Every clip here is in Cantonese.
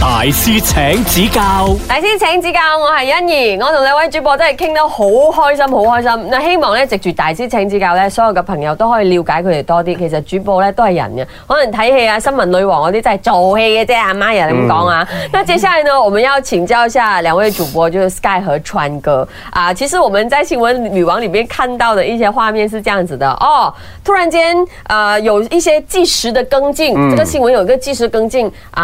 大師請指教，大師請指教，我係欣兒，我同兩位主播真係傾得好開心，好開心。嗱，希望咧，藉住大師請指教咧，所有嘅朋友都可以了解佢哋多啲。其實主播咧都係人嘅，可能睇戲、就是、啊，新聞女王嗰啲真係做戲嘅啫。阿媽又咁講啊。那接下來呢，我們要請教一下兩位主播，就是 Sky 和川哥啊。其實我們在新聞女王裏面看到的一些畫面是這樣子的哦。突然間，啊、呃，有一些即時的跟進，嗯、這個新聞有一個即時跟進啊。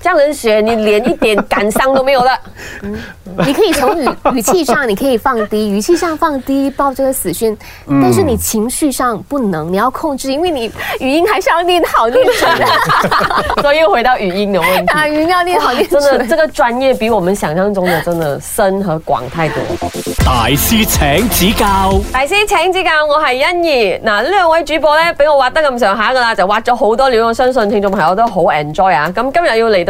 教人學，你連一點感傷都沒有啦、嗯、你可以從語語氣上，你可以放低語氣上放低報這個死訊，嗯、但是你情緒上不能，你要控制，因為你語音還是要念好念準。 所以又回到語音的問題啊，語音要念好念，真的，這個專業比我們想象中的真的深和廣太多。大師請指教，大師請指教，我係欣怡。嗱、啊，呢兩位主播呢，俾我挖得咁上下噶啦，就挖咗好多料。我相信聽眾朋友都好 enjoy 啊。咁今日要嚟到。